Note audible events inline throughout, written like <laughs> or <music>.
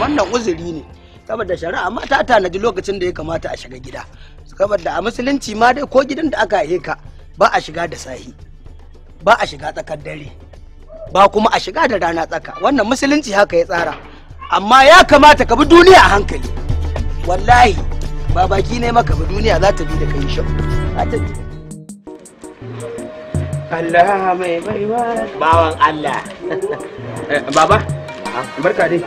wannan uzuri ne saboda shari'a ma ta tanadi lokacin da ya kamata a shiga gida saboda a musulunci ma dai ko gidan da aka haife ka ba a shiga da sahi ba a shiga tsakar dare ba kuma a shiga da rana tsaka wannan musulunci haka ya tsara amma ya kamata ka bi duniya a hankali wallahi ba baki ne maka bi duniya za ta bi da kai shau Allah mai baiwa bawan Allah <laughs> baba barka dai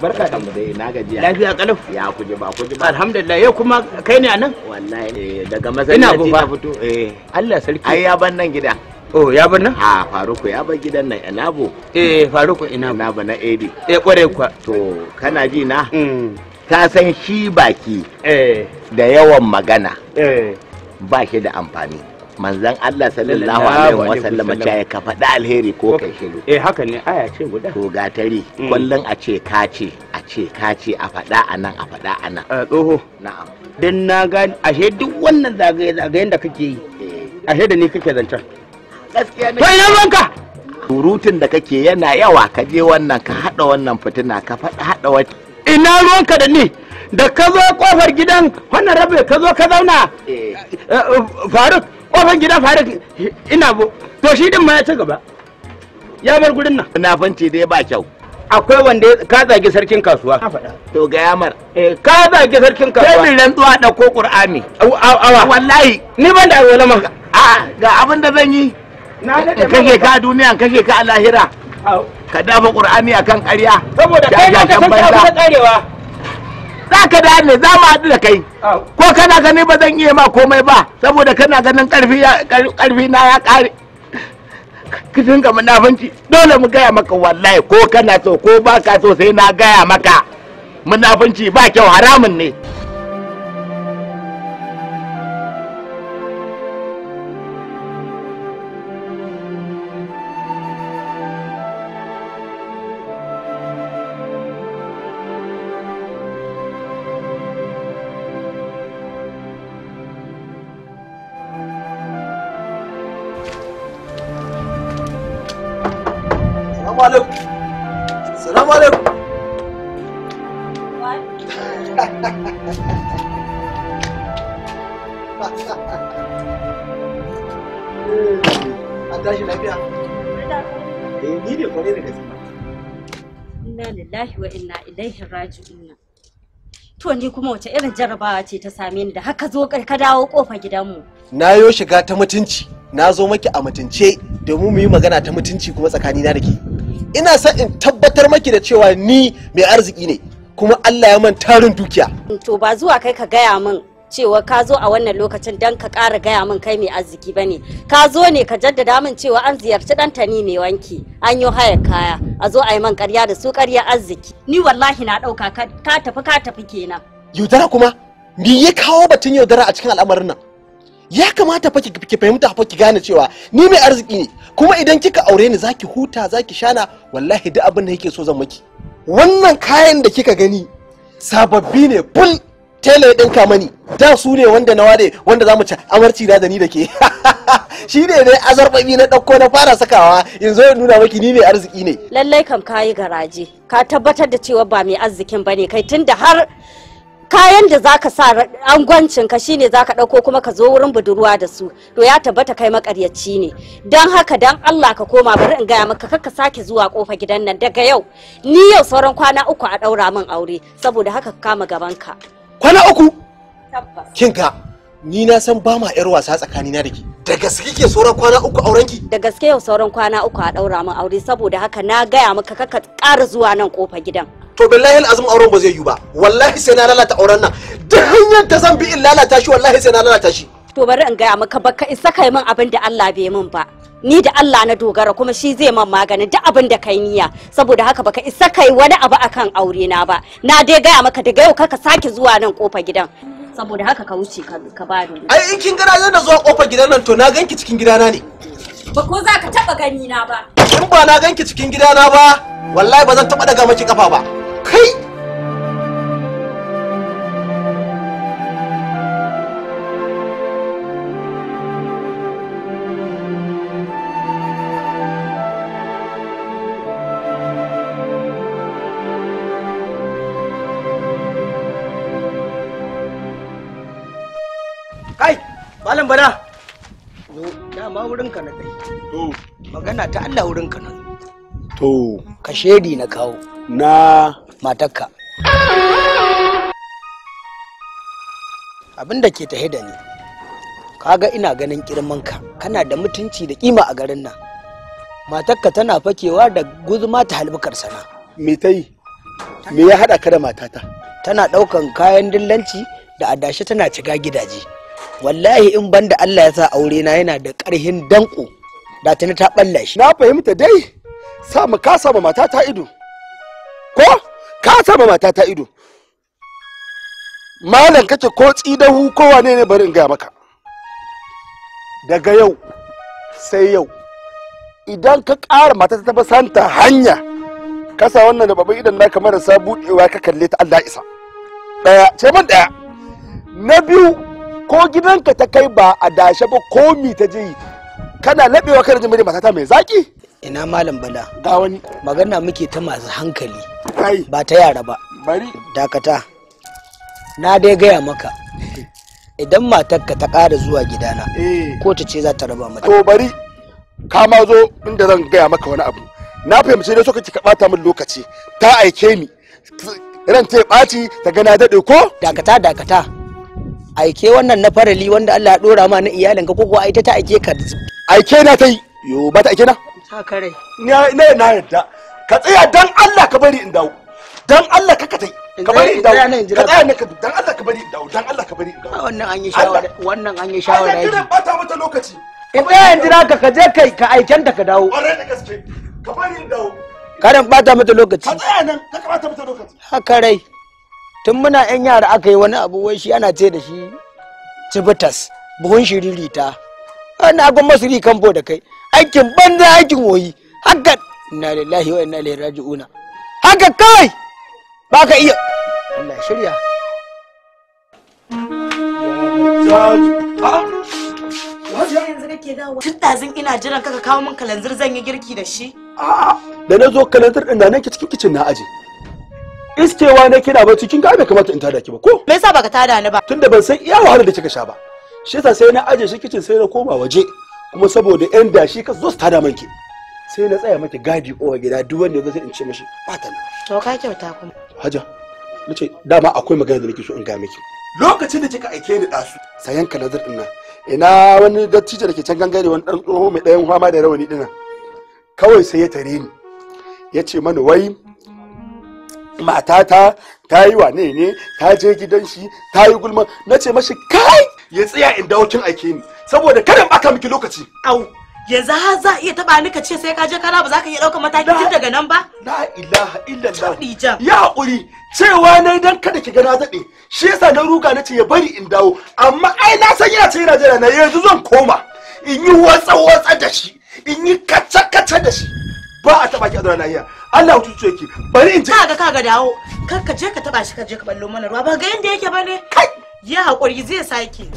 barka da mu dai na gajiya lafiya kalau ya kuje ba kuje ba alhamdulillah yau kuma kai ne anan wallahi daga masallaci na fito eh Allah sarki ai ya ban nan gida oh ya ban nan a faruku ya gidan nan inabo eh faruku inabo na ad eh kware kwa to kana ji na mm. ka san shi baki eh da yawan magana eh ba shi da amfani manzan Allah sallallahu alaihi wa sallama ya ka faɗi alheri ko kai shiru eh haka ne aya ce guda to gatari mm. kullun a ce ka ce a ce ka ce a faɗa a nan a faɗa a nan eh, tsoho na'am dan na ga ashe duk wannan zagaye zagaye da kake yi eh. ashe da ni kake zancen gaskiya ne to ina ranka surutun da kake yana yawa ka je wannan ka hada wannan fitina ka faɗa hada wata ina ruwanka da ni da ka zo kofar gidan wannan rabe ka zo ka zauna eh. faruk kofar gida fara ina bo to shi din ma ya ci gaba ya bar gurin nan na fance dai ba kyau akwai wanda ka zagi sarkin kasuwa to ga yamar eh ka zagi sarkin kasuwa sai rantsuwa da ko qur'ani awa wallahi ni ban da alwala a ga abin da zan yi kake ka duniya kake ka al'ahira lahira ka dafa qur'ani akan ƙarya saboda kai ka san ka karewa za ka da ne za mu haɗu da kai ko kana gani ba zan iya ma komai ba saboda kana ganin ƙarfi na ya ƙare ka ga munafunci dole mu gaya maka wallahi ko kana so ko ba ka so sai na gaya maka munafunci ba kyau haramun ne lillahi wa inna ilaihi raji'un to ni kuma wace irin jarabawa ce ta same ni da haka zo ka dawo kofa gidanmu na yo shiga ta mutunci na zo maki a mutunce domin mu yi magana ta mutunci kuma tsakani na da ina son in tabbatar maki da cewa ni mai arziki ne kuma Allah ya man tarin dukiya to ba zuwa kai ka gaya min cewa ka zo a wannan lokacin don ka ƙara gaya min kai mai arziki bane ka zo ne ka jaddada min cewa an ziyarci ɗan tani mai wanki an yi hayar kaya a zo a yi man ƙarya da su ƙarya arziki ni wallahi na ɗauka ka tafi ka tafi kenan yaudara kuma me ya kawo batun yaudara a cikin al'amarin nan ya kamata fa ki fahimta fa ki gane cewa ni mai arziki ne kuma idan kika aure ni zaki huta zaki shana wallahi duk abin da yake so zan miki wannan kayan da kika gani sababbi ne bul. tele din dinka mani da su ne wanda na ware wanda za ci amarci da ni da ke <laughs> shi ne ne azarbabi na ɗauko na fara sakawa yanzu ya nuna maki ni ne arziki ne lallai kam kayi garaje ka tabbatar da cewa ba mai arzikin bane kai tunda har kayan da zaka sa angwancin ka shine zaka dauko kuma ka zo wurin budurwa da su to ya tabbata kai makaryaci ne dan haka dan Allah ka koma bari in gaya maka kaka sake zuwa kofa gidan nan daga yau ni yau sauran kwana uku a daura min aure saboda haka ka kama gaban ka kwana uku kin ga ni na san ba ma yar wasa tsakani na dake da gaske kike sauran kwana uku auren ki da gaske yau sauran kwana uku a daura min aure saboda haka na gaya maka kaka ƙara zuwa nan kofa gidan to billahi azum auren ba zai yi ba wallahi sai na lalata auren nan da hanyar da zan bi in lalata shi wallahi sai na lalata shi to bari in gaya maka ka isa kai min abin da Allah bai min ba ni da Allah na dogara kuma shi zai man maganin duk abin da kai niyya saboda haka baka isa kai wani abu akan aure na ba na dai gaya maka daga yau kaka sake zuwa nan kofa gidan saboda haka ka wuce ka ba ni ai in kin gana yana zuwa kofa gidan nan to na ganki cikin gidana ne ba ko za ka taba gani na ba in ba na ganki cikin gidana ba wallahi ba zan taba daga maki kafa ba kai malam bana dama wurin ka na kai to magana ta Allah wurin ka na to ka shedi na kawo na matakka abin ke tahe da ni kaga ina ganin ka kana da mutunci da kima a garin nan matakka tana fakewa da guzuma ta halbukar sana me ta me ya haɗa ka da matata tana ɗaukan kayan dillanci da adashi tana ciga gidaje wallahi in banda Allah ya sa aure na yana da ƙarhin danko da tuni ta balla shi na fahimta dai sa mu ka mata ta ido ko ka sama mata ta ido malam kake ko tsidahu ko wane ne bari in gaya maka daga yau sai yau idan ka ƙara mata ta santa hanya kasa wannan da babban idan naka marasa buɗewa ka kalle ta Allah isa ɗaya ce man ɗaya na biyu ko gidanka ta kai ba a dashe ba ko mi ta je kana labewa kana jin matata mai zaki ina malam bala ga wani magana muke ta masu hankali kai ba ta yara ba bari dakata na dai gaya maka idan matarka ta ƙara zuwa gidana eh. ko ta ce za ta raba mata to bari ka ma zo inda zan gaya maka wani abu na fahimci ne so kake ka bata min lokaci ta aike ni ran ta ɓaci ta gana daɗe ko dakata dakata aike wannan na farali wanda Allah ya dora ma na iyalinka ko kuwa ai ta aike ka aike na ta yi yo ba ta aike na ta kare na na yadda ka tsaya dan Allah ka bari in dawo dan Allah ka ka tai ka bari in dawo ka tsaya ne ka dan Allah ka bari in dawo dan Allah ka bari in dawo ah, wannan an yi shawara wannan an yi shawara ai kira bata mata lokaci in tsaya in jira ka ka je kai ka aiken ta ka dawo ƙwarai da gaske ka bari in dawo karan bata mata lokaci ka tsaya nan ka bata mata lokaci ha kare tun muna yan yara aka yi wani abu wai shi ana ce da shi cibitas buhun shiririta ana ga masiri kamfo da kai aikin banza aikin woyi haka inna lillahi wa inna ilaihi raji'una haka kai ba ka iya Allah shirya yanzu tun ina jiran kaka kawo min kalanzir zan yi girki da shi da na zo kalanzir ɗin da nake cikin kicin na aji. iskewa na kina ba cikin ga kamata in tada ki ba ko me yasa baka tada ni ba tunda ban san iya wahalar da kika sha ba shi yasa sai na aje shi kicin sai na koma waje kuma saboda yan dashi ka zo su tada manki sai na tsaya maki gadi owa gida duk wanda ya sai in ce mishi ba ta nan to ka kyauta kuma haja nace dama akwai magana da nake so in ga miki lokacin da kika aike ni dasu sayan kaladar din nan ina wani dattijo da ke can gangare wani dan tsoho mai dayan fama da rawani dinnan kawai sai ya tare ni ya ce mana wai matata ta yi wane ne ta je gidan shi ta yi gulma na ce mashi kai ya tsaya in dawo kin aike ni saboda kada in baka miki lokaci au yanzu har za iya taba ni ka ce sai ka je kana ba za ka iya ɗaukar mataki tun daga nan ba la ilaha illallah ya hakuri cewa na dan kada ki gana daɗe shi yasa na ruga na ce ya bari in dawo amma ai na san yana ce jira na yanzu zan koma in yi watsa watsa da shi in yi kaca kaca da shi ba a taba ki a na iya Allah tutu yake bari in ga kaga kaga dawo kar ka je ka taba shi ka je ka ballo mana ruwa ba ga yanda yake bane kai ya hakuri zai sake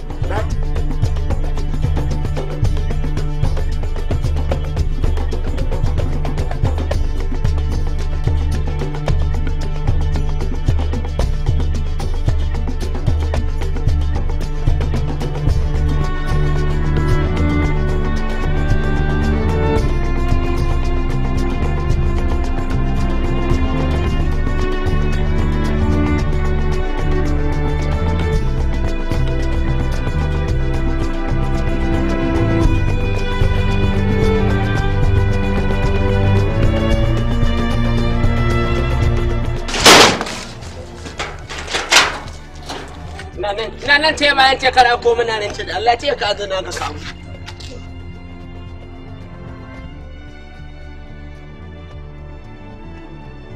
zan ce ma yace kara ko muna nan ce Allah ce ka azana ka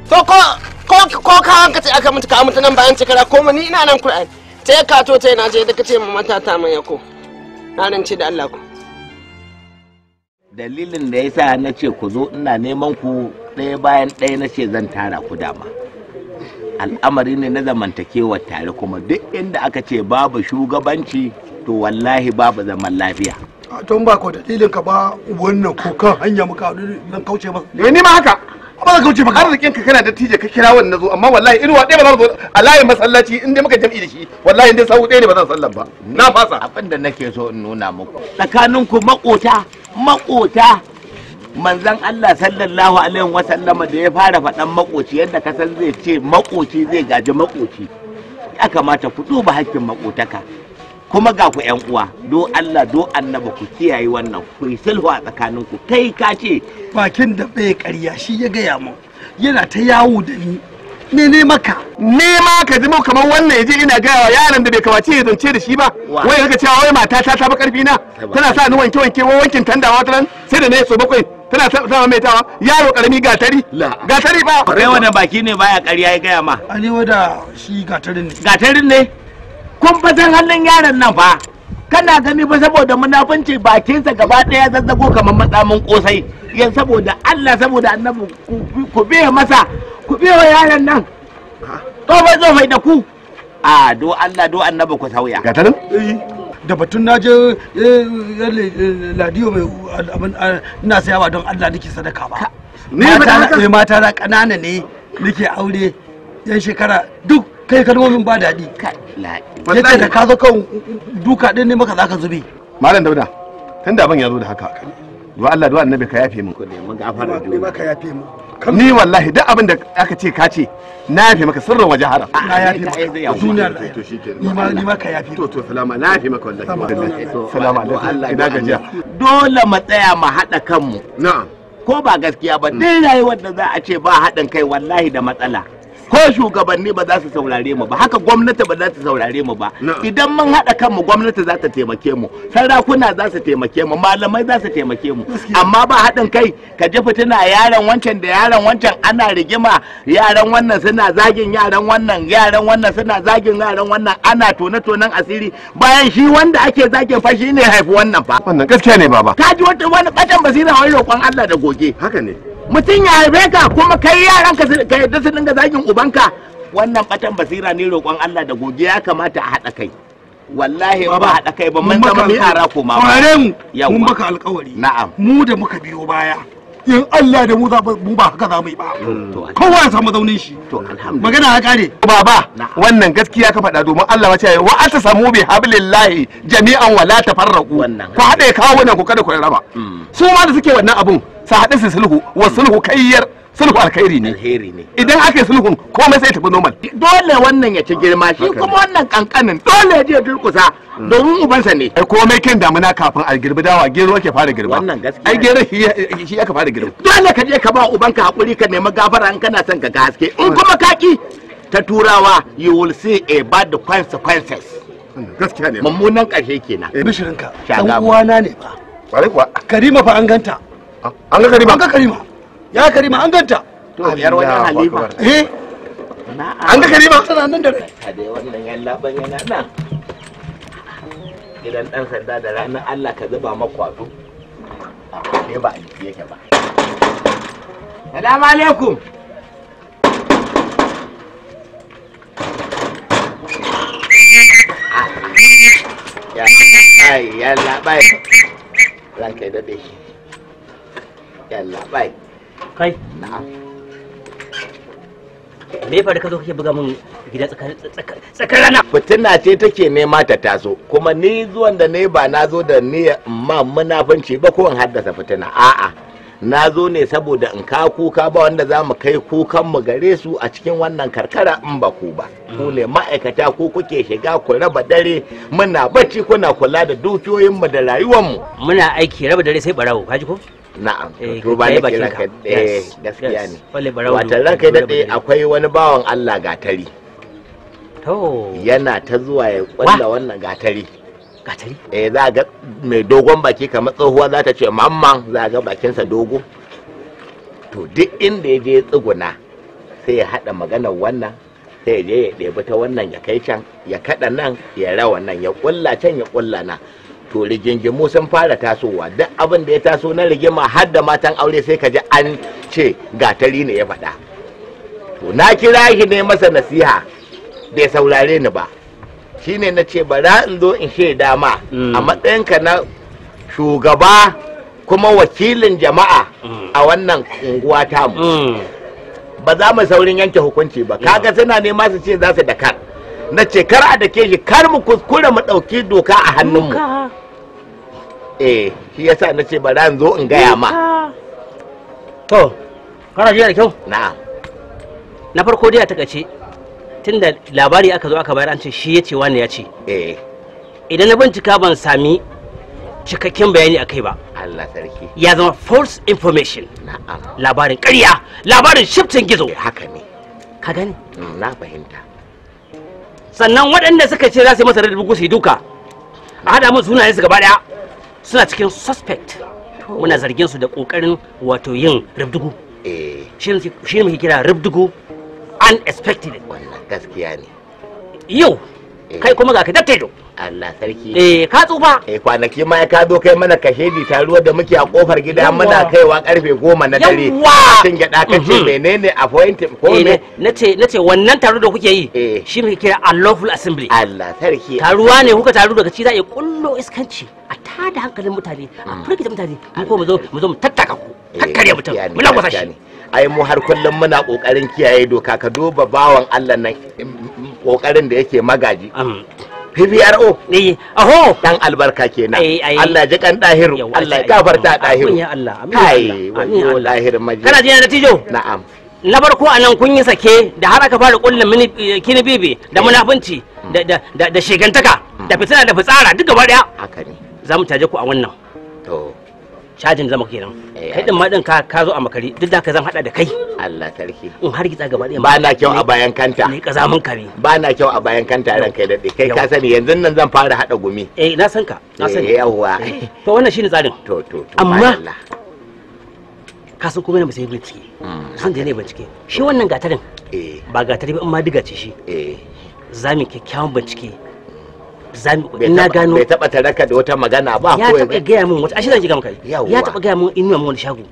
kawo ko ko ko ko ka hanka ce aka mutu ka mutu nan bayan ce kara ni ina nan Qur'an ce ka to ta yana je da kace mu matata mai yako na nan ce da Allah ku dalilin da yasa na ce ku zo ina neman ku ɗaya bayan ɗaya na ce zan tara ku dama al'amari ne na zamantakewa tare kuma duk inda aka ce babu shugabanci to wallahi babu zaman lafiya a tun ba ko dalilin ka ba wannan ko kan hanya muka nan kauce ba ne eh, ni ma haka ba za kauce maka arzikin ka kana da tije ka kira wannan zo amma wallahi inuwa ɗaya ba za zo a layin masallaci in dai muka jam'i da shi wallahi in dai sau ɗaya ne ba zan sallan ba na fasa abin da nake so in nuna muku tsakanin ku makota makota manzan Allah sallallahu alaihi wasallama da ya fara faɗan makoci yadda ka san zai ce makoci zai gaji makoci ya kamata ku duba hakkin makotaka kuma ga ku yan uwa do Allah do annaba ku kiyaye wannan ku yi sulhu a tsakaninku kai ka ce bakin da bai karya shi ya gaya mu yana ta yawo da ni ne ne maka ne ma ka ji kamar wannan yaje ina gaya wa yaran da bai kamace ya zance da shi ba wai kaga cewa wai mata ta ta ba karfi na tana sa ni wanke wanke wankin tandawa ta sai da ne so bakwai tana sama mai tawa yaro karami gatari gatari ba rewa da baki ne baya kari ya gaya ma arewa da shi gatarin ne gatarin ne kun fasan hannun yaron nan fa kana gani fa saboda munafunci bakinsa gaba ɗaya zazzago kamar matsamin kosai yan saboda Allah saboda annabi ku biya masa ku biya yaron nan tsofai tsofai da ku a do Allah do annabi ku sauya gatarin eh. da batun na je eh, ladiyo mai abin sai sayawa don Allah nake sadaka ba ni ta mata na kanana ne nake aure yan shekara duk kai kalmomin ba daɗi yadda da ka zo kan duka din ne maka zaka zube malam dauda tunda ban ya zo da haka wa Allah duwa annabi ka yafe mu ne mun ne ka yafe mu ni wallahi duk abin da aka ce kace na yafe maka sirrin waje haram na yafe maka duniyar duniya to shikenan ni ma ni ma ka yafe to to salama na yafe maka wallahi salama Allah ina gajiya dole mu tsaya mu hada kanmu na'am ko ba gaskiya ba mm. duk rayuwar da za a ce ba haɗin kai wallahi da matsala ko shugabanni ba za su saurare mu ba haka gwamnati ba za ta saurare mu ba idan mun haɗa kanmu gwamnati za ta taimake mu sarakuna za su taimake mu malamai za su taimake mu amma ba haɗin kai ka ji fitina yaran wancan da yaran wancan ana rigima yaran wannan suna zagin yaran wannan yaran wannan suna zagin yaran wannan ana tone tonen asiri bayan shi wanda ake zagin fa shine haifi wannan fa wannan gaskiya ne baba ka ji wani bacan basira wani roƙon Allah da goge haka ne mutum ya haife ka kuma kai yaran ka yadda su dinga zagin ubanka wannan batan basira ne roƙon Allah da gobe ya kamata a haɗa kai wallahi ba haɗa kai ba mun zama kara ma ba mu mun baka alƙawari na'am mu da muka biyo baya in Allah da mu mu ba haka za mu yi ba mm. kowa ya samu zaunin shi magana ya kare baba wannan gaskiya ka faɗa domin Allah ya ce wa ata samu bi hablillahi jami'an wala tafarraqu ku haɗe kawo nan ku kada ku raba mm. su ma da suke wannan abun sa haɗu su sulhu wa sulhu kayyar sulhu alkhairi ne idan aka yi sulhun komai sai tafi normal dole wannan ya ci girma shi kuma wannan kankanin dole ya je don mm. domin ubansa ne ai komai kin damuna kafin a girbi dawa gero ake fara girba wannan gaskiya ai gero shi aka fara girba dole ka je ka ba ubanka hakuri ka nemi gafara in kana son ka ga haske in kuma ki ta turawa you will see a bad consequences mm, gaskiya ne mummunan karshe kenan eh, bishirinka dan uwana ne ba bare kuwa karima fa an ganta an ga karima an ga karima ya karima an ganta to biyar wannan halima eh an ga karima tana nan da rai a dai wannan yan laban yana nan dan sanda da ranar Allah ka zuba ne ba yake ba alaikum ah, ya ya ya ya ya ya ya yalla bai kai na me faru ka zo kake buga min gida tsakar rana fitina ce take nema ta taso kuma ni zuwan da ne ba na zo da ni ma munafanci ba ko in haddasa fitina a'a na zo ne saboda in ka kuka ba wanda za mu kai kukan mu gare su a cikin wannan karkara in ba ku ba ku ne ma'aikata ko kuke shiga ku raba dare muna bacci kuna kula da dukiyoyin mu da rayuwar mu muna aiki raba dare sai barawo Ka ji ko na'am eh, to ba eh, ne kira ka gaskiya ne wata ranka dade akwai wani bawan Allah gatari to yana ta zuwa ya kwalla wannan gatari gatari eh za ga mai dogon baki kamar tsohuwa za ta ce mamman za ga bakinsa dogo to duk inda ya je tsuguna sai ya haɗa maganar wannan sai je ya ɗebi ta wannan ya kai can ya kaɗa nan ya rawa nan ya ƙulla can ya ƙulla nan to rigingimu sun fara tasowa duk abin da ya taso na rigima har da matan aure sai ka ji an ce gatari ne ya faɗa to na kira shi ne masa nasiha bai saurare ni ba shine na ce ba in zo in shaida ma mm. a matsayinka na shugaba kuma wakilin jama'a mm. a wannan unguwa tamu mm. ba za mu saurin yanke hukunci ba kaga suna nema su ce za su da kar na ce kar a dake shi kar mu kuskure mu ɗauki doka a hannunmu eh shi yasa na ce bara in zo in gaya ma to kana jiya da kyau na'am na farko dai a takace da labari aka zo aka bayar an ce shi ya ce wani ya ce eh. idan na bincika ban sami cikakken bayani akai ba Allah sarki ya zama false information labarin ƙarya labarin shiftin gizo eh, haka ne ka gani mm, na fahimta sannan waɗanda suka ce za su yi masa rarrabu su yi duka a haɗa mun sunayen su gaba ɗaya suna cikin suspect muna zargin su da ƙoƙarin wato yin rubdugu eh. shi ne muke kira rubdugu unexpected wannan gaskiya ne yau eh. kai kuma ga ka do Allah sarki eh ka tsufa eh kwanaki ma ka zo kai mana kashe bi taruwa da muke a kofar gida muna kaiwa karfe goma na dare ga ka kace mhm. menene appointment ko eh, me nace nace wannan taro da kuke yi eh. shi muke kira unlawful assembly Allah sarki taruwa ne kuka taru daga ci za a kullo iskanci a tada hankalin mutane a mm. furgita mutane mu ko mu zo mu zo mu tattaka ku hakkari mutum mu lagwasa shi ai mu har kullum muna kokarin kiyaye doka ka duba bawan Allah nan kokarin da yake magaji PBRO eh aho dan albarka kenan eh, Allah ji kan dahiru Allah gafarta dahiru ya Allah kai wallahi maji kana da natijo na'am na farko a nan kun yi sake da har aka fara kullum eh, kini-bibi, da eh. munafunci mm. da shigantaka da mm. fitina da fitsara duka gaba haka ne za mu taje ku a wannan cajin zama kenan eh, kai din ma din ka ka zo a makari duk da ka zan hada da kai Allah tarki in har gitsa gaba ɗaya ba na kyau a bayan kanta ni kazamin kare ba na kyau a bayan kanta ran kai da kai ka sani yanzu nan zan fara hada gumi eh na san ka na san eh, yawa to wannan shine tsarin to to to amma kasan san kuma yana sai bincike mm. san da ne bincike shi wannan gatarin eh. ba gatari ba amma ma diga ce shi zamin kyakkyawan bincike za gano ba ya taba gaya min wata ashe zan shiga shago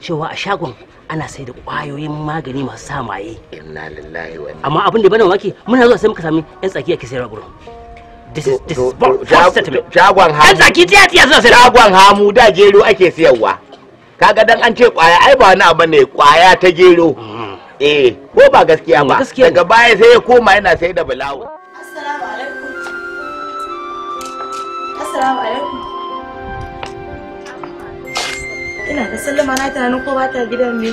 cewa a shagon ana sai da kwayoyin magani masu sa maye inna lillahi wa amma abin da muna zuwa sai muka sami yan tsakiya ke sayarwa gurin shagon hamu tsaki tiya tiya hamu da gero ake siyarwa kaga dan an ce kwaya ai ba wani abu ne kwaya ta gero mm. eh ko ba gaskiya ba daga baya sai ya koma yana sai da bulawo Ina da sallama na tunanin ko bata gidan ne.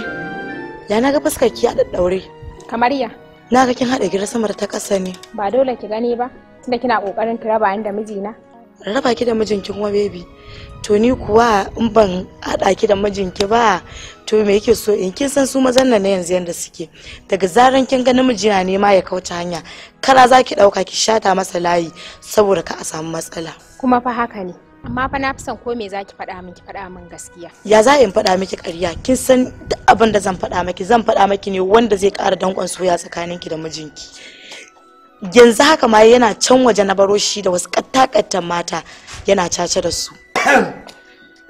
Ya naga ga fuskar ki a daddaure. Kamar ya. Na kin haɗa gidan sama ta ƙasa ne. Ba dole ki gani ba, tunda kina ƙoƙarin ki raba ni da mijina. raba ki da mijinki kuma baby to ni kuwa in ban haɗa ki da mijinki ba to me yake so in kin san su mazan nan yanzu yanda suke daga zaran kin ga namiji na nema ya kauce hanya kara za ki ɗauka ki shata masa layi saboda ka a samu matsala kuma fa haka ne amma fa na fi son ko me za ki faɗa min ki faɗa min gaskiya ya za in faɗa miki ƙarya kin san duk abin da zan faɗa miki zan faɗa miki ne wanda zai ƙara danƙon soya tsakaninki da mijinki yanzu haka ma yana can waje na baro shi da wasu katakatan mata yana caca da su <coughs>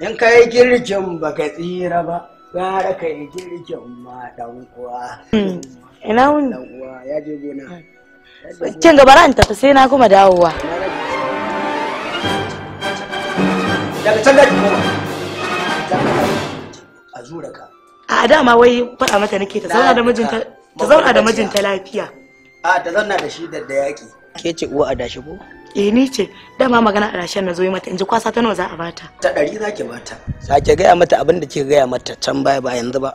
in ka yi girkin baka tsira ba gara ka yi girkin ma dan uwa hmm. ina wuni dan uwa ya je gona hmm. kin bara in tafi sai na kuma dawowa daga can gaji kuma a zura ka a dama wai faɗa mata nake ta zauna da mijinta lafiya a ta zauna da shi da da yaƙi ke ce uwa adashi ko eh ni ce dama magana a adashin na zo yi mata in ji kwasa ta nawa za a bata ta ɗari za ki bata sake gaya mata abin da ke gaya mata can baya ba yanzu ba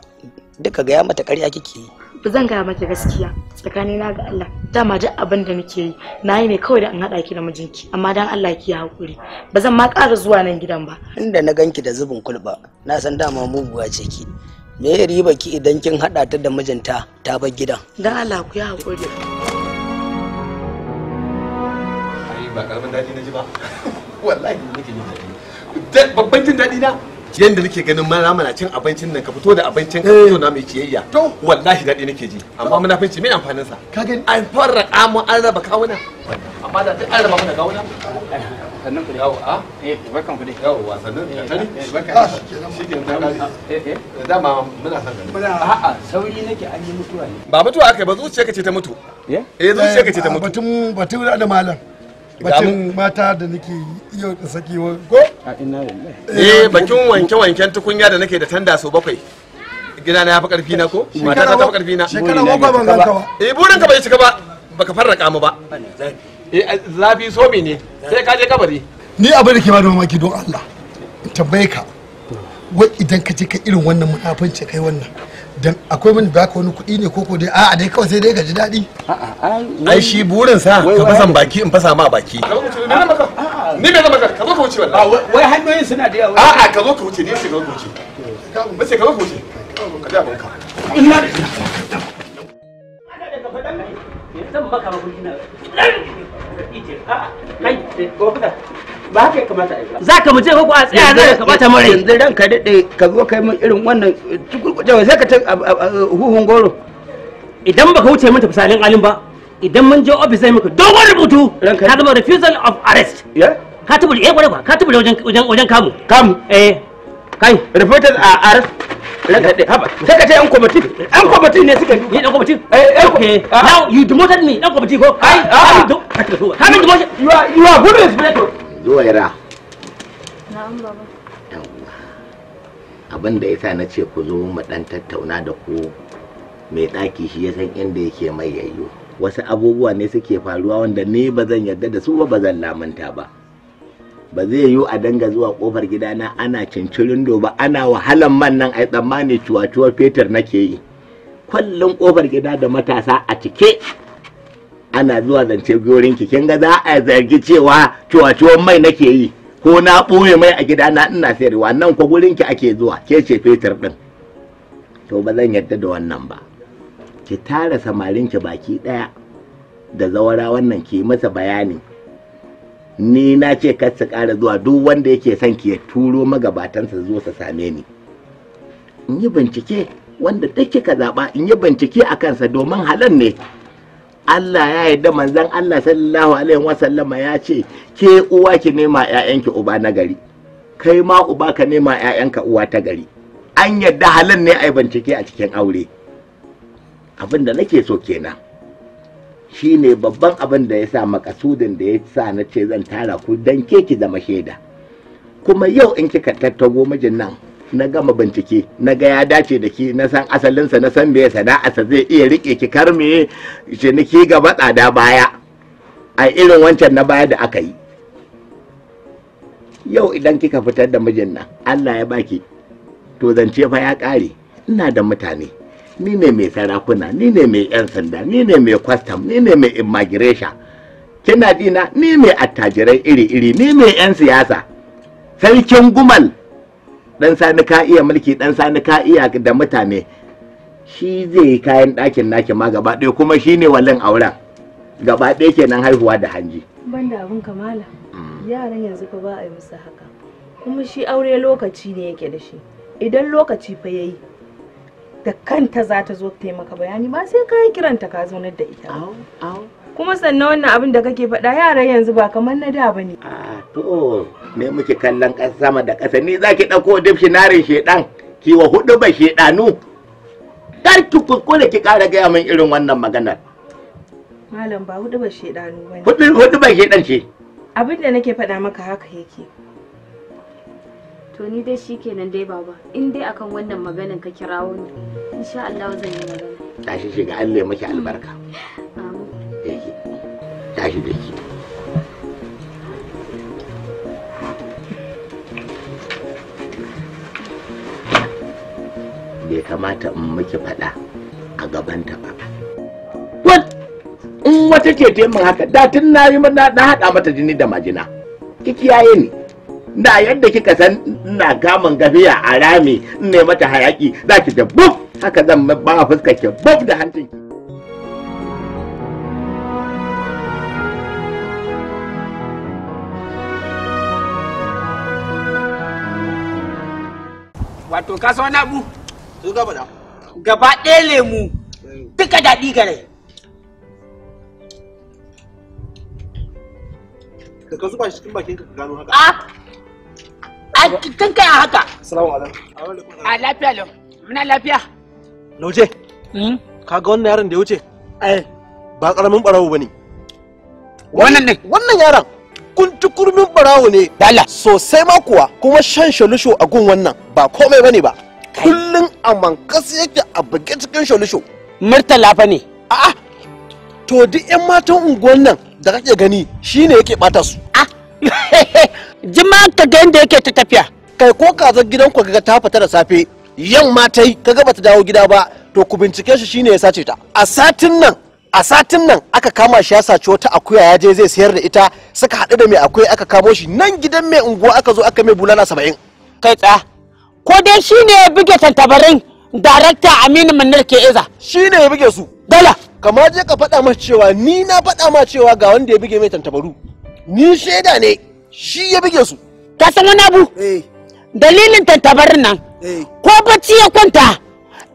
duka gaya mata ƙarya kike yi ba zan gaya mata gaskiya tsakani na ga Allah dama ji abin da nake yi na yi ne kawai da an haɗa ki da mijinki amma dan Allah ki ya haƙuri ba zan ma ƙara zuwa nan gidan ba inda na ganki da zubin kulba na san dama muguwa ce ki me ya riba ki idan kin hada ta da mijinta ta bar gidan dan allah ku yi hakuri ai ba karamin dadi na ji ba <laughs> wallahi nake jin dadi babban jin daɗi na yadda nake ganin mana mana cin abincin nan ka fito da abincin ka eh. fito na mai ciyayya to wallahi daɗi nake ji amma munafinci me amfanin sa ka gani an farra mu an raba kawuna amma da duk an raba mana kawuna sannan ku dai yawa eh, eh barkan ku dai yawa sannan ka kare barka shi ke ta da eh dama muna san gani a'a sauri nake an yi mutuwa ne ba mutuwa akai ba zuciyarka ce ta mutu eh zuciyarka ce ta mutu eh, batun batun da malam bacin mata da nake yau da saki ko eh, eh bakin wanke wanken tukunya da nake da tanda so bakwai gida na yafi karfi na ko mata ta tafi karfi na shekara bakwai ban ganka ba eh burin ka bai cika ba baka farraka mu ba Eh, zafi so ne sai ka je kabari ni abin da ke ba da mamaki don Allah tambaye ka wai idan ka je ka irin wannan munafanci kai wannan dan akwai min da ka wani kuɗi ne koko dai a'a dai kawai sai dai ka ji daɗi ai shi burin sa ka fasan baki in fasa ma baki ni me zama ka zo ka wuce wallahi wai hanyoyin suna da yawa a'a ka zo ka wuce ni sai ka wuce ka sai ka wuce ka da banka faɗa mai zan maka a eh, ba haka ya kamata a yi za ka muje ko a tsaya zai yanzu ran ka daɗe ka zo min irin wannan eh, sai ka ta huhun goro idan baka wuce min tafsalin alin ba idan mun je ofis zai maka dogon rubutu ka zama refusal of arrest ka tubule eh kwarai ka tubule wajen kamu kamu eh kai reported arrest Ranka haba. Sai ka ce yan kwamiti. Yan kwamiti ne suka ni dan kwamiti. Eh okay. Ah. Now you demoted me. Dan kwamiti ko. Ah, ai ah. ai do. Ka ta so. Ka min demotion. You are you are good inspector. Zuwaira. Na'am baba. abin da yasa na ce ku zo mu dan tattauna da ku mai ɗaki shi ya san inda yake mai yayyo wasu abubuwa ne suke faruwa wanda ni ba zan yarda da su ba ba zan lamanta ba ba zai yiwu a danga zuwa kofar gidana ana cincirin ba ana wahalan man nan ai tsammani cuwa-cuwa fetur nake yi kwallon kofar gida da matasa a cike ana zuwa zance gorin kin ga za a zargi cewa cuwa-cuwan mai nake yi ko na ɓoye mai a gidana ina sayarwa nan ko gurin ki ake zuwa ke ce fetur din to ba zan yarda da wannan ba ki tara samarin ki baki daya da zawara wannan ki masa bayani ni na ce kar su ƙara zuwa duk wanda yake son ki ya turo magabatansa zo sa same ni in yi bincike wanda duk kika zaɓa in yi bincike a kansa domin halin ne Allah ya yarda manzon Allah sallallahu alaihi wasallama ya ce ke uwa ki nema 'ya'yanki uba na gari kai ma uba ka nema 'ya'yanka uwa ta gari an yarda halin ne a yi bincike a cikin aure abin da nake so kenan Shi ne babban abin da ya sa makasudin da ya sa na ce zan tara ku don ke ki zama shaida kuma yau in kika tattago mijin nan na gama bincike na ga ya dace da ki na san asalinsa na san meye sana'arsa zai iya rike ki karme ki gaba tsada baya a irin wancan na baya da aka yi yau idan kika fitar da mijin nan allah ya baki to zance fa ya ƙare ina da mutane ni ne mai sarakuna ni ne mai 'yan sanda ni ne mai kwastam ni ne mai immigration kina dina ni mai attajirai iri-iri ni mai 'yan siyasa sarkin gumal dan sani ka iya mulki dan sani ka iya da mutane shi zai yi kayan ɗakin naki ma gaba ɗaya kuma shi ne wallin auren gaba ɗaya kenan haihuwa da hanji banda abun kamala mm. yaran yanzu fa ba a yi musu haka kuma shi aure lokaci ne yake da shi idan lokaci fa yayi da kanta za ta zo ta maka bayani ba sai ka yi kiranta ka zaunar da ita kuma sannan wannan abin da kake faɗa yara yanzu ba kamar na da bane a to ne muke kallon sama da ƙasa ni zaki ɗauko narin shedan wa hudu ba shedanu kar ki kuskure ki ƙara gaya min irin wannan maganar malam ba hudu ba shedanu bane hudu hudu ba shedan ce abin da nake faɗa maka haka yake to ni dai shikenan dai baba in dai akan wannan maganan ka kirawo ni insha Allah zan yi magana tashi shi ga Allah ya maki albarka amin tashi da ki bai kamata in miki faɗa a gaban ta ba in wata ce ta yi min haka da tun na yi na haɗa mata jini da majina ki kiyaye ni da yadda kika san ina kamun gafiya a rami in ne mata hayaki za ki da buf haka zan ba fuskar ki buf da hancin wato ka san bu? su gaba da gaba ɗaya lemu duka daɗi gare ka ka zuba shi cikin bakin ka gano haka ah tun kai a haka assalamu alaikum a lafiya lau muna lafiya lauje hmm? ka ga wannan yaron da ya wuce eh, ba karamin barawo bane wannan ne wannan yaron kuntukurmin barawo ne dala sosai ma kuwa kuma shan shalusho a gun wannan ba komai ba ne ba kullum a mankas yake a buge cikin shalusho murtala fa ne a'a to duk yan matan unguwan nan da kake gani shine yake bata su ah. <laughs> jima'an ka ga yadda yake ta tafiya kai ko kazar gidan ku ga ta fita da safe yamma ta yi kaga bata dawo gida ba to ku bincike shi shine ya sace ta a satin nan a satin nan aka kama shi ya saci wata akuya ya je zai sayar da ita suka hadu da mai akuya aka kamo shi nan gidan mai unguwa aka zo aka mai bulala saba'in kai tsaya ko dai shine ya buge tantabarin darakta aminu manar ke iza shine ya buge su dala kama je ka faɗa masa cewa ni na faɗa ma cewa ga wanda ya buge mai tantabaru ni shaida ne shi ya bige su ka san wani abu eh. dalilin tantabarin nan eh. ko bacci ya kwanta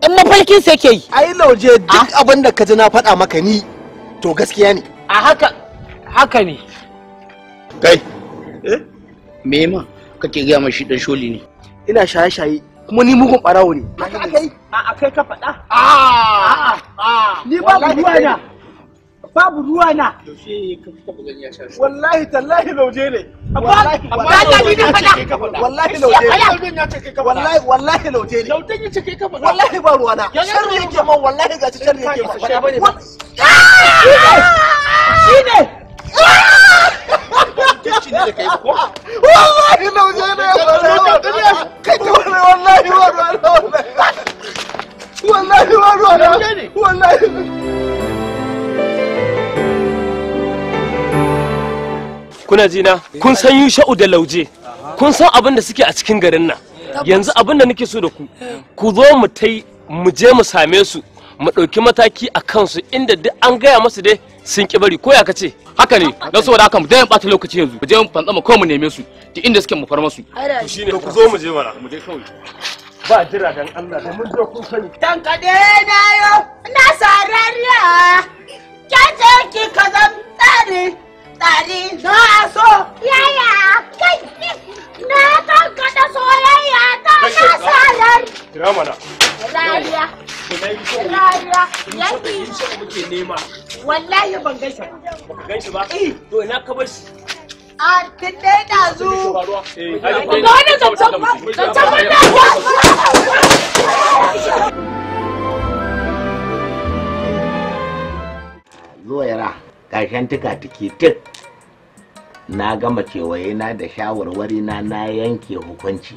in mafarkin sai ke yi ai lauje ah. duk abin da ka ji na faɗa maka ni to gaskiya ne a haka haka ne kai eh? me ma kake gaya mashi dan sholi ne ina shaye-shaye kuma ni mugun ɓarawo ne haka aka yi a kai ka faɗa ah! a a ni ba ruwa na babu ruwa na wallahi tallahi lauje ne wallahi ba ruwa na sharri yake man wallahi ga ci sharri yake man ne da kai ko wallahi kuna jina kun san yusha'u da lauje kun san abin da suke a cikin garin nan yanzu abin da nake so da ku ku zo mu tai mu je mu same su mu ɗauki mataki a kansu inda duk an gaya masu dai sun ki bari ko ya kace haka ne don saboda haka mu dayan ɓata lokaci yanzu mu je mu fantsa mu ko mu neme su duk inda suke mu far to shine ku zo mu je mana mu je kawai ba jira dan Allah da mun zo kun sani dan kade na yo na sarariya kace ki kazan tare tsari na so yaya kai na kankata soyayya ta na sadar kira mana rariya rariya yanki muke nema wallahi ban gaisa ba gaisa ba eh. to ina ka bar shi a kin da zu wani ba ba da zuwa ƙarshen tuka tiki tik na gama kewaye na da shawarwari na na yanke hukunci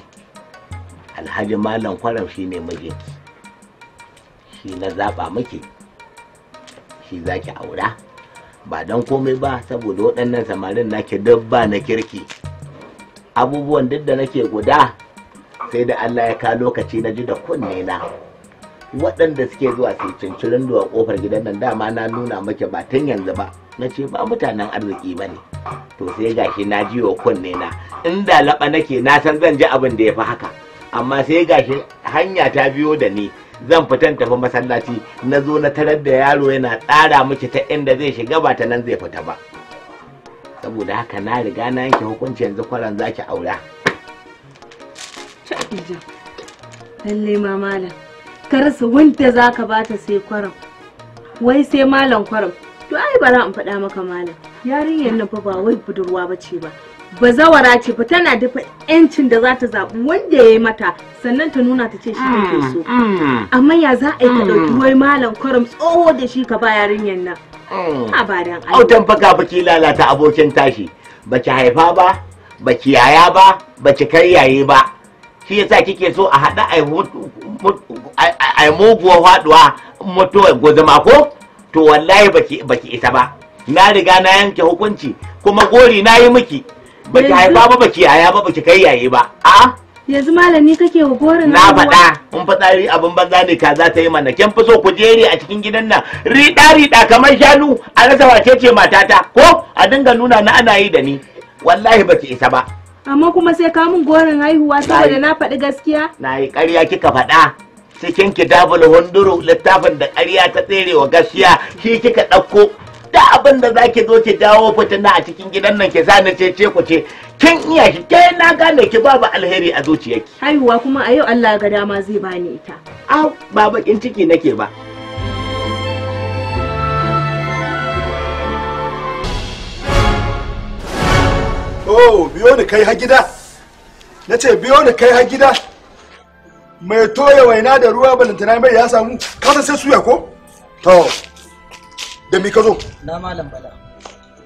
alhaji malam kwaram shi ne mijinki shi na zaɓa miki shi za ki aura ba don komai ba saboda waɗannan samarin nake dabba na kirki abubuwan duk da nake guda sai da allah ya ka lokaci na ji da kunne na waɗanda suke zuwa su cincirin duwa ƙofar gidan nan dama na nuna maki ba tun yanzu ba na ce ba mutanen arziki ba ne to sai gashi na ji wa kunne na inda laɓa nake na san zan ji abin da ya fi haka amma sai gashi hanya ta biyo da ni zan fitan tafi masallaci na zo na tarar da yaro yana tsara miki ta inda zai shiga ba ta nan zai fita ba saboda haka na riga na yanke hukunci yanzu kwaran ki aura Lalle ma malam ka rasa wanda ba ta sai kwaram wai sai malam kwaram to ai bara in faɗa maka malam yarinyar nan fa ba wai budurwa ba ce ba bazawara ce ba tana dafa yancin da za ta zaɓi wanda ya yi mata sannan ta nuna ta ce shi mm, ke so mm. amma ya za a yi ka mm. ɗauki wai malam kwaram tsoho da shi ka ba yarinyar nan a badan ai autan faka baki lalata abokin tashi baki haifa ba baki yaya ba baki karyaye ba shi yasa kike so a haɗa a yi muguwar faɗuwa mutuwar gozama ko to wallahi baki baki ita ba na riga na yanke hukunci kuma gori na yi miki baki haifa ba baki yaya ba baki kai yayi ba a yanzu malami kake wa na faɗa in ri abin banza ne ka za ta yi mana kin fi so ku ri a cikin gidan nan riɗa riɗa kamar shanu a rasa wace ce matata ko a dinga nuna na ana yi da ni wallahi baki isa ba amma kuma sai ka mun gorin haihuwa saboda na faɗi gaskiya na yi ƙarya kika faɗa cikin ki kitabul hunduru littafin da ƙarya ta tsere wa gaskiya shi kika ɗauko da abin da zaki zo ki jawo fitina a cikin gidan nan ki zana ce ce ku ce kin iya shi kai na gane ki babu alheri a zuciyarki haihuwa kuma a yau Allah ga dama zai bani ita au ba bakin ciki nake ba Oh, biyo ni kai ha gida. Nace biyo ni kai ha gida. mai toya waina da ruwa balantana bai ya samu kasa sai suya ko to da mi kazo na malam bala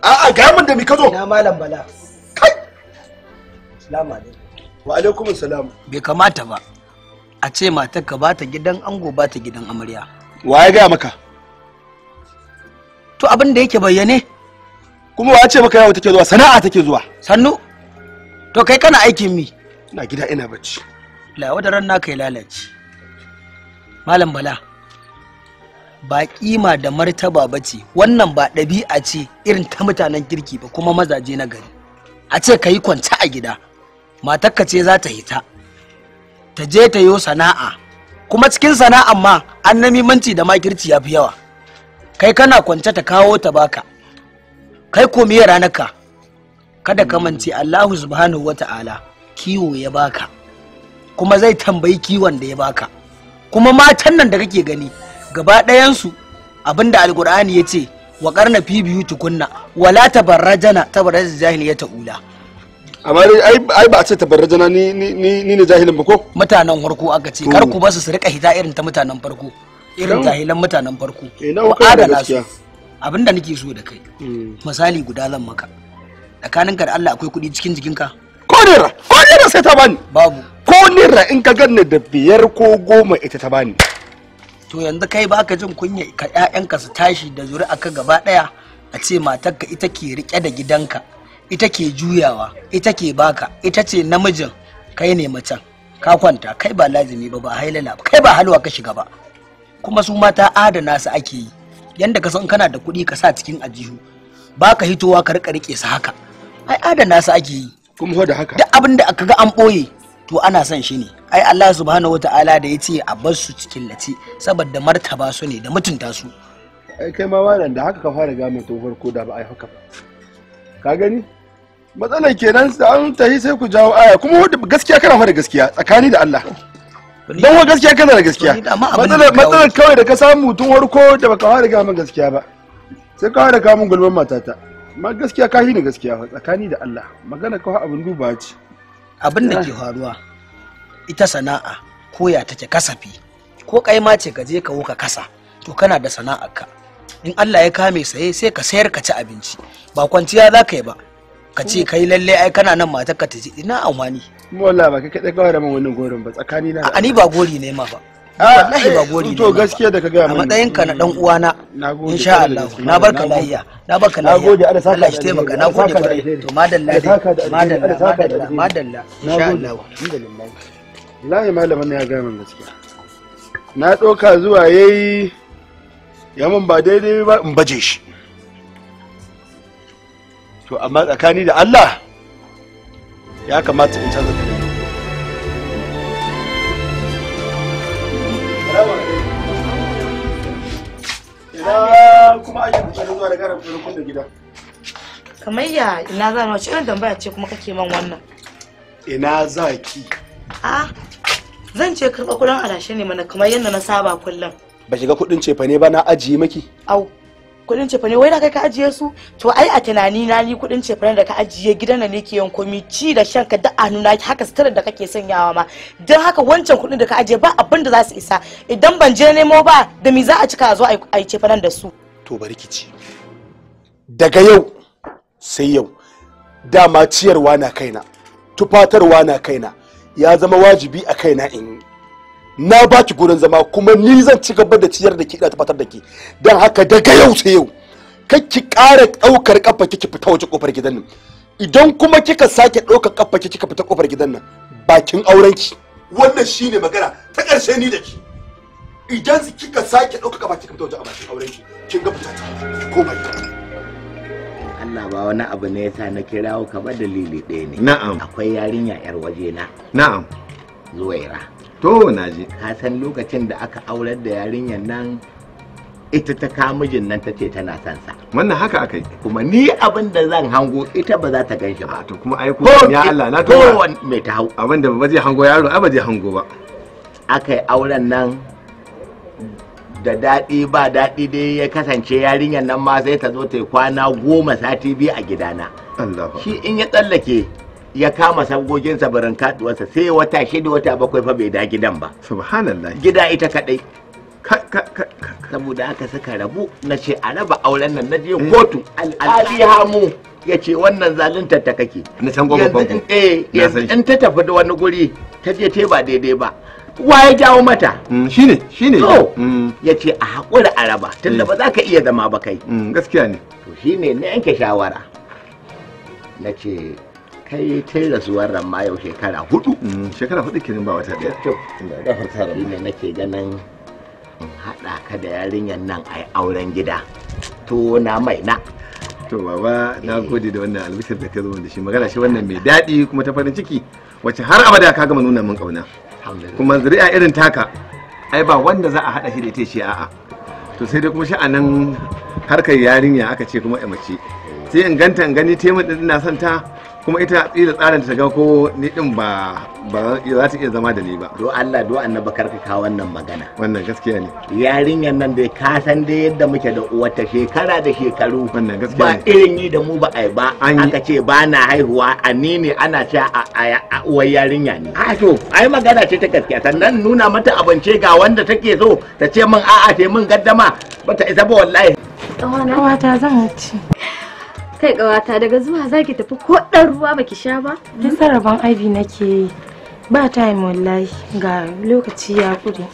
a'a ga mun da mi kazo na malam bala kai salamu alaikum wa alaikum assalam bai kamata ba a ce matar ka ba ta gidan ango ba ta gidan amarya wa ya gaya maka to abin da yake bayyane kuma wa ce maka yawo take zuwa sana'a take zuwa sannu to kai kana aikin mi ina gida ina bacci lawadaran naka ya lalace malam bala ba kima da martaba ba ce wannan ba ɗabi'a ce irin ta mutanen kirki ba kuma mazaje na gari a ce ka yi kwance a gida matakka ce za ta hita ta je ta yi sana'a kuma cikin sana'an ma an namimanci da makirci ya fi yawa kai kana kwance ta kawo ta baka kai ko miye ranaka kada ka mance allahu subhanahu wata'ala kiwo ya baka kuma zai tambayi kiwon da ya baka kuma matan nan da kake gani gaba ɗayansu abinda alkur'ani ya ce wa karna fi biyu tukunna wala tabarrajana tabarrajana jahiliya ta ula amma ai ba a ce tabarrajana ni ni ni ne jahilin ba ko mutanen farko aka ce kar ku ba su rika hita irin ta mutanen farko irin jahilan mutanen farko eh, ku adala su abinda nake so da kai hmm. misali guda zan maka ka da Allah akwai kuɗi cikin jikinka ko naira ko naira sai ta bani babu ko naira in ka ganni da biyar ko goma ita ta bani to yanzu kai baka jin kunya ka ƴaƴanka su tashi da zuri'a ka gaba daya a ce matarka ita ke rike da gidanka ita ke juyawa ita ke baka ita ce namijin kai ne macen ka kwanta kai ba lazimi ba ba hailala ba kai ba halwa ka shiga ba kuma su mata adana su ake yi yanda ka san kana da kuɗi ka sa cikin ajihu ba ka hitowa ka rika rike su haka ai adana su ake yi kuma da haka duk abin da aka ga an ɓoye to ana son shi ne ai Allah subhanahu wata'ala da ya ce a bar su cikin lati saboda martaba su ne da mutunta su ai kai ma wannan da haka ka fara gane tun farko da ba ai haka ba ka gani matsalar kenan an tahi sai ku jawo aya kuma wadda gaskiya kana fara gaskiya tsakani da Allah don wa gaskiya kana da gaskiya matsalar kawai da ka samu tun farko da baka fara gane gaskiya ba sai ka fara kawo mun gulman matata ma gaskiya kahi ne gaskiya tsakani da Allah magana kawai abin duba ce abin da ke faruwa ita sana'a koya take kasafi ko kai ma ce ka je ka ka kasa to kana da sana'a ka in Allah ya kame saye sai ka sayar ka ci abinci ba kwanciya za ka yi ba ka ce kai lalle ai kana nan matar ka ta ji ina amfani wallahi ba kai kadai kawai da man wannan gorin ba tsakani na ani ni ba gori ne ma ba wallahi ba gori to gaskiya da ka ga mun matsayin ka na dan uwana mm. insha Allah na barka lafiya na barka lafiya nagode Allah saka Allah shi taimaka nagode kwarai to madalla madalla madalla madalla insha Allah alhamdulillah wallahi malamin ya ga mun gaskiya na doka zuwa yayi ya mun ba daidai ba in baje shi to amma tsakani da Allah ya kamata in canza kai. kuma ake kokarin zuwa da karin farkon da gida kamar ya ina za na irin tambaya ce kuma kake man wannan ina za ki a zan ce karɓa kuɗin alashe ne mana kamar yadda na saba kullum ba shiga kuɗin cefa ne ba na ajiye maki au kudin cefane wai da kai ka ajiye su to ai a tunani na ni kudin cefane da ka ajiye gidan da nake yan komi ci da shan ka da nuna haka sitarar da kake sanyawa ma dan haka wancan kudin da ka ajiye ba abin da za su isa idan ban je nemo ba da me za a cika a zo a yi cefanen da su to bari ki ci daga yau sai yau dama ciyarwa na kaina tufatarwa na kaina ya zama wajibi a kaina in yi. na ba ki gurin zama kuma ni zan ci gaba da ciyar da ki da tabbatar da ki dan haka daga yau sai yau kai ki ƙara ɗaukar kafa ki fita waje kofar gidan nan idan kuma kika sake ɗaukar kafa kika fita kofar gidan nan bakin auren ki wannan shine magana ta ƙarshe ni da ki idan kika sake ɗaukar kafa ki fita waje bakin auren ki kin ga fita ko bai Allah ba wani abu ne yasa na kirawo ka ba dalili ɗaya ne na'am akwai yarinya yar waje na na'am zuwaira to na ji ka san lokacin da aka aurar da yarinyar nan ita ta ka mijin nan ta ce tana son sa wannan haka aka yi kuma ni abin da zan hango ita ba za ta gan shi ba to kuma ai ko ya Allah na to mai ta hau abin da ba zai hango yaro ba zai hango ba aka yi auren nan da daɗi ba daɗi dai ya kasance yarinyar nan ma sai ta zo ta yi kwana goma sati biyu a gidana Allah shi in ya tsallake ya kama sabgoginsa barin katuwarsa sai wata shida wata bakwai fa bai da gidan ba subhanallah gida ita kadai saboda aka saka rabu na ce a raba auren nan na je eh. kotu alƙali hamu ya ce wannan zaluntar ta kake na san gobe banku eh in ta tafi da wani guri ta je te ba daidai ba wa ya jawo mata mm, shine shine to mm. ya ce a hakuri a raba tunda mm. ba za ka iya zama ba kai gaskiya ne to shine na yanke shawara na ce kai tilla zuwan ramma yau shekara hudu mm, shekara hudu kirin ba wata daya to da farka ramma ina nake ganin hada ka da yarinyan nan ai auren gida to na mai na to baba na eh. gode da wannan albishir da ka zo da shi magana shi wannan mai daɗi kuma ta farin ciki wacce har abada ka gama nuna min kauna kuma zuri'a irin taka ai ba wanda za a haɗa shi da ita shi a'a to sai dai kuma sha'anin harkar yarinya aka ce kuma a mace eh. sai in ganta in gani tema din ina son ta kuma ita tsira tsarin ta ga ko ni din ba ba za ta iya zama da ni ba do Allah do annaba karka ka wannan magana wannan gaskiya ne yarinyan nan dai ka san dai yadda muke da ta shekara da shekaru wannan gaskiya ba irin ni da mu ba ai ba aka ce ba na haihuwa a ni ne ana ce a uwa yarinya ne a to ai magana ce ta gaskiya sannan nuna mata abance ga wanda take so ta ce min a'a ce min gaddama bata isa ba wallahi wata zan ci Kai ƙawata daga zuwa za ki tafi ko ɗan ruwa baki sha ba? Tun sarrafan aibi nake yi. Ba time wallahi ga lokaci ya kure.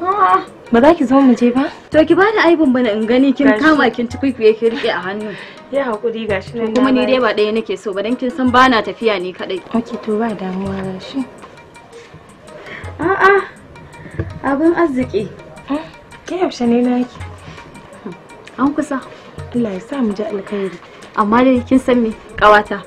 Ah. Ba za ki zo mu je ba? To ki bada aibin bana in gani kin kama kin tukuikuye ki rike a hannu. Ya hakuri gashi nan. Kuma ni dai ba ɗaya nake so ba dan kin san bana tafiya ni kadai. Okay to ba damuwa gashi. A'a. Abin arziki. Ke yaushe ne naki? An kusa. Allah ya sa mu ji alkhairi. amma dai kin san me kawata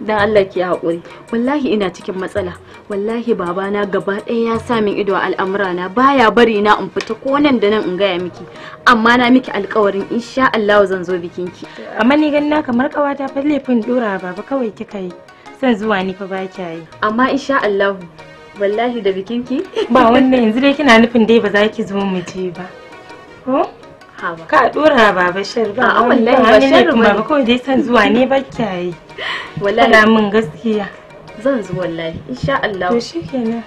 dan Allah ki haƙuri wallahi ina cikin matsala wallahi babana gaba ɗaya ya sa min ido a na baya bari na in fita ko nan da nan in gaya miki amma na miki alƙawarin insha Allah zan zo bikin ki amma ni ganna kamar kawata fa laifin dora baba kawai kika yi san zuwa ni fa ba yi amma insha Allah wallahi da bikin ki ba wannan yanzu dai kina nufin dai ba za ki zo mu je ba ko ka dora ba bashir ba a wallahi bashir kuma ba kawai dai san zuwa ne ba kyayi wallahi mun gaskiya zan zo wallahi insha Allah to shikenan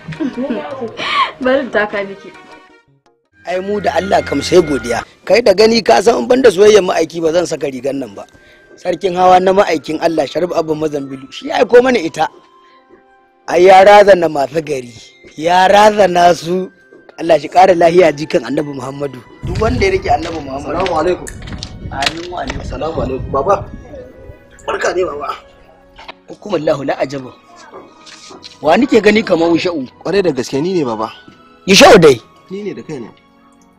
<laughs> bari ta ka miki ai mu da Allah kam sai godiya kai da gani ka san ban da soyayyar ma'aiki ba zan saka rigar nan ba sarkin hawa na ma'aikin Allah sharif abu mazambilu shi aiko mana ita ai ya razana masu gari ya razana su Allah shi ƙara lahiya jikan annabi Muhammadu duk wanda ya rike annabi Muhammadu assalamu alaikum amin wa alaikum assalamu alaikum baba barka ne baba hukumar Allah la ajaba wa nike gani kamar Yusha'u kwarai da gaske ni ne baba Yusha'u dai ni ne da kaina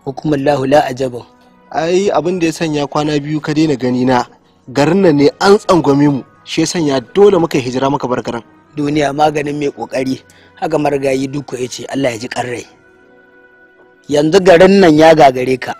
hukumar Allah la ajaba ai abin da ya sanya kwana biyu ka daina gani na garin nan ne an tsangwame mu shi ya sanya dole muka hijira muka bar garin duniya maganin mai kokari haka marigayi duka ya ce Allah ya ji karrai yanzu garin nan ya gagare ka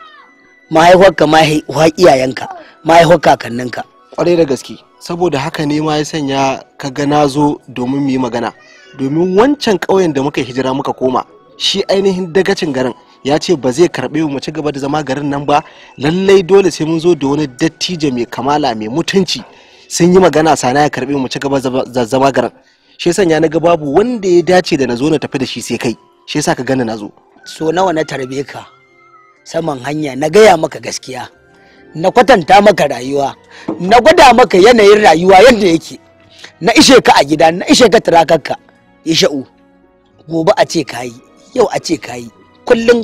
mahaifarka mahaifa iyayenka mahaifar kakanninka kwarai da gaske saboda haka ne ma ya sanya ka ga na zo domin mu yi magana domin wancan ƙauyen da muka hijira muka koma shi ainihin dagacin garin ya ce ba zai karɓe mu ci gaba da zama garin nan ba lallai dole sai mun zo da wani dattijo mai kamala mai mutunci sun yi magana sana ya karɓe mu ci gaba da zama garin shi sanya na ga babu wanda ya dace da na zo na tafi da shi sai kai shi yasa ka gani na zo so nawa na tarbe ka saman hanya na gaya maka gaskiya na kwatanta maka rayuwa na gwada maka yanayin rayuwa yadda yake na ishe ka a gida na ishe ka turakarka ya sha'u gobe a ce kayi yau a ce kayi kullum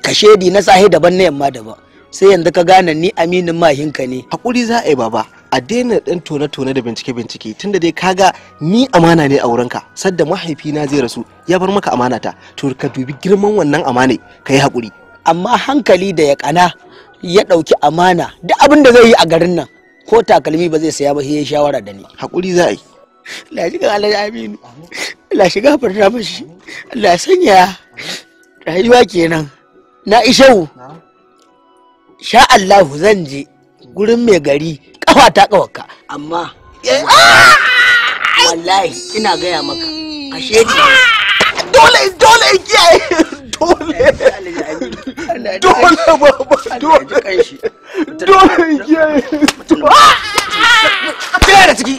kashedi na sahi daban na yamma daban sai yanzu ka gane ni aminin mahinka ne hakuri za a yi baba a daina dan tona-tona da bincike-bincike tunda dai kaga ni amana ne a wurinka sadda mahaifina zai rasu ya bar maka amana ta to ka dubi girman wannan amane ka yi haƙuri amma hankali da ya kana ya ɗauki amana duk abin da zai yi a garin nan ko takalmi ba zai saya ba sai ya shawara da ni haƙuri za a yi Allah shiga Alhaji Aminu Allah shiga farta mashi Allah sanya rayuwa kenan na ishau sha Allahu zan je gurin mai gari kafa ta waka amma eh, wallahi ina gaya maka kashe ce dole dole kiyaye dole dole baba dole dole kiyaye ah! shiga daga ciki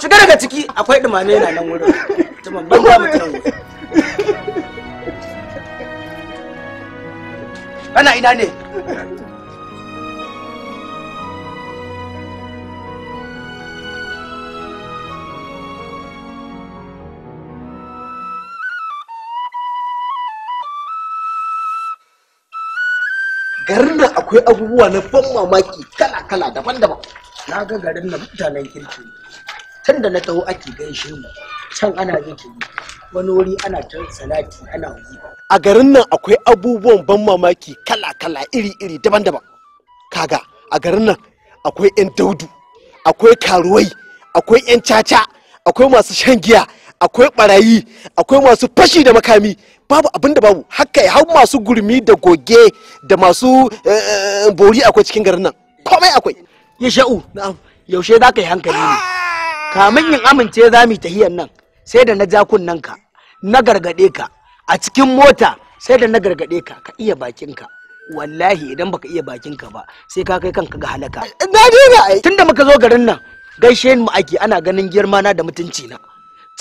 shiga daga ciki akwai dumame na nan wurin ina ne garin nan akwai abubuwa na ban mamaki kala-kala daban-daban na ga garin nan mutanen kirki tun da na taho ake gaishe mu can ana zikiri wani wuri ana ta salati ana wuyi a garin nan akwai abubuwan ban mamaki kala-kala iri-iri daban-daban kaga a garin nan akwai 'yan daudu akwai karuwai akwai 'yan caca akwai masu shan giya akwai barayi akwai masu fashi da makami babu abinda babu haka ya. hau masu gurmi da goge da masu eh, eh, bori akwai cikin garin nan komai akwai ya sha'u yaushe za ka yi hankali ne kamin yin amince za mu tahiyan nan sai da na ja kunnen ka na gargade ka a cikin mota sai da na gargade ka ka iya bakinka wallahi idan baka iya bakinka ba sai ka kai kanka ga halaka tunda muka zo garin nan gaishe mu ake ana ganin girma na da mutunci na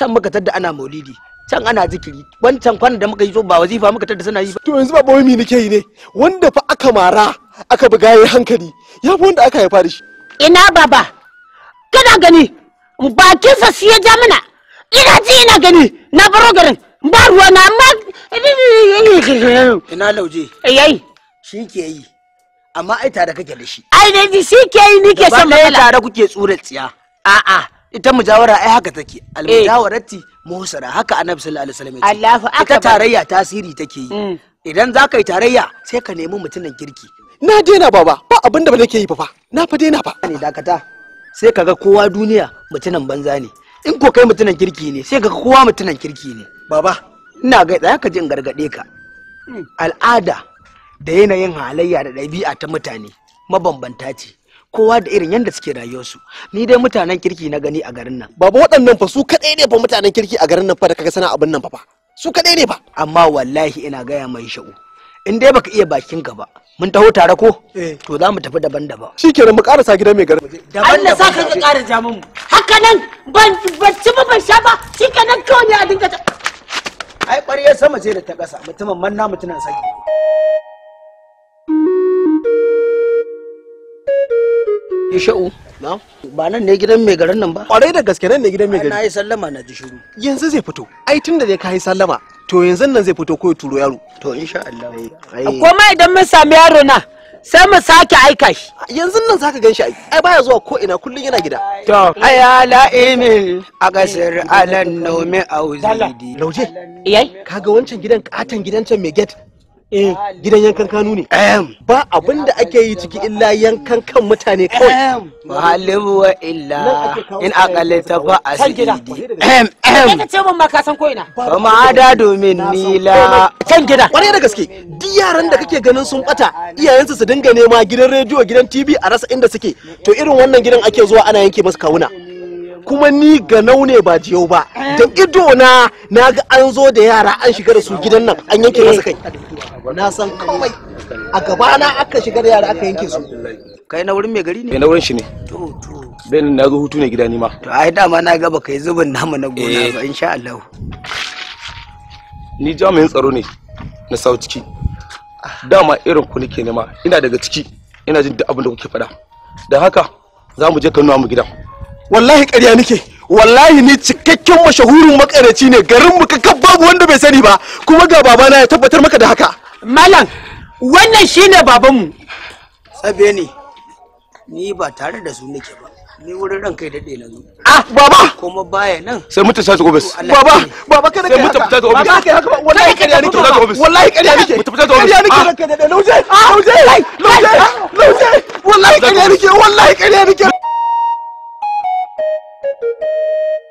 can muka tadda ana maulidi can ana zikiri wancan kwana da muka yi so ba wazifa muka tadda suna yi to yanzu ba bawai nake yi ne wanda fa aka mara aka buga yi hankali ya fi wanda aka haifa da shi ina baba kana gani bakinsa shi ya ja mana ina ji ina gani na baro garin ba ruwa na amma ina lauje yayi shi ke yi amma ai tare kake da shi ai ne shi ke yi nike san mai tare kuke tsura tsiya a'a ita mujawara ai haka take eh. almujawarati muhsana haka annabi sallallahu alaihi wasallam Allahu akbar ita tarayya tasiri take yi mm. idan za yi tarayya sai ka nemi mutumin kirki na daina baba ba abin da ba nake yi fa na fa daina ba ne dakata sai kaga kowa duniya mutumin banza ne in ko kai mutumin kirki ne sai kaga kowa mutumin kirki ne baba ina ga tsaya ka ji in gargade ka mm. al'ada da yanayin halayya da ɗabi'a ta mutane mabambanta ce kowa da irin yadda suke rayuwarsu ni dai mutanen kirki na gani a garin nan baba waɗannan fa su kaɗai ne fa mutanen kirki a garin nan fa da kaga sana abin nan fa su kaɗai ne fa amma wallahi ina gaya mai sha'u in dai baka iya bakin gaba ba mun taho tare ko eh. to za mu tafi daban-daban shikenan mu karasa gidan mai garin Allah sa ka ƙara jamin mu haka nan ban ci ba ban sha ba shikenan kawai ne a dinga ai ƙwariyar sama ce da ta ƙasa mutumin manna mutumin saki thank you Sha'u. Ba nan ne gidan mai garin nan ba. Kwarai da gaske nan ne gidan mai garin. Na yi sallama na ji shiru. Yanzu zai fito. Ai tun da dai ka yi sallama to yanzu nan zai fito ko ya turo yaro. To insha Allah. Koma idan mun sami yaro na sai mu sake aika shi. Yanzu nan zaka gan shi ai baya zuwa ko ina kullun yana gida. To aya la'imin a kasar alan naumi auzidi. Lauje. Iyai. Kaga wancan gidan katon gidan can mai gate eh gidan yankan kanu ne ba abin da ake yi ciki illa yankan kan mutane kawai muhallim wa illa in aqalaita fa asidi em em kace mun ma ka san ko ina ma ada domin nila can gida kwarai da gaske duk yaran da kake ganin sun bata iyayensu su dinga nema gidan rediyo gidan TV a rasa inda suke to irin wannan gidan ake zuwa ana yanke masu kawuna kuma ni ga naune ba yau ba eh. da ido na na ga an zo da yara an shiga da su gidan nan an yanke masu kai na san kawai a gaba na aka shiga da yara aka yanke su kai na wurin mai gari ne na wurin shi ne to to dan na ga hutu ne gida ni ma to ai dama na ga baka yi zubin namu na gona eh. ba insha Allah ni jami'in tsaro ne na sau ciki dama irin ku nake nema ina daga ciki ina jin duk abin da kuke faɗa da haka za mu je ka nuna mu gidan wallahi ƙarya nike wallahi ni cikakken mashahurin makaraci ne garin mu kakkan babu wanda bai sani ba kuma ga babana ya tabbatar maka da haka malam wannan shine babanmu tsabe ne ni ba tare da su nake ba ni wurin ran kai daɗe na zo. Ah baba. Kuma baya nan. Sai mutu sa ofis. Baba baba kada ka haka. Sai mutu fita ta ofis. Baba kai haka wallahi ƙarya nake ta ofis. Wallahi ƙarya nake. Mutu fita ta ofis. Kariya nake ah. ranka daɗe lauje. Ah. Lauje. Lauje. Lauje. Wallahi ƙarya nake wallahi ƙarya nake. あ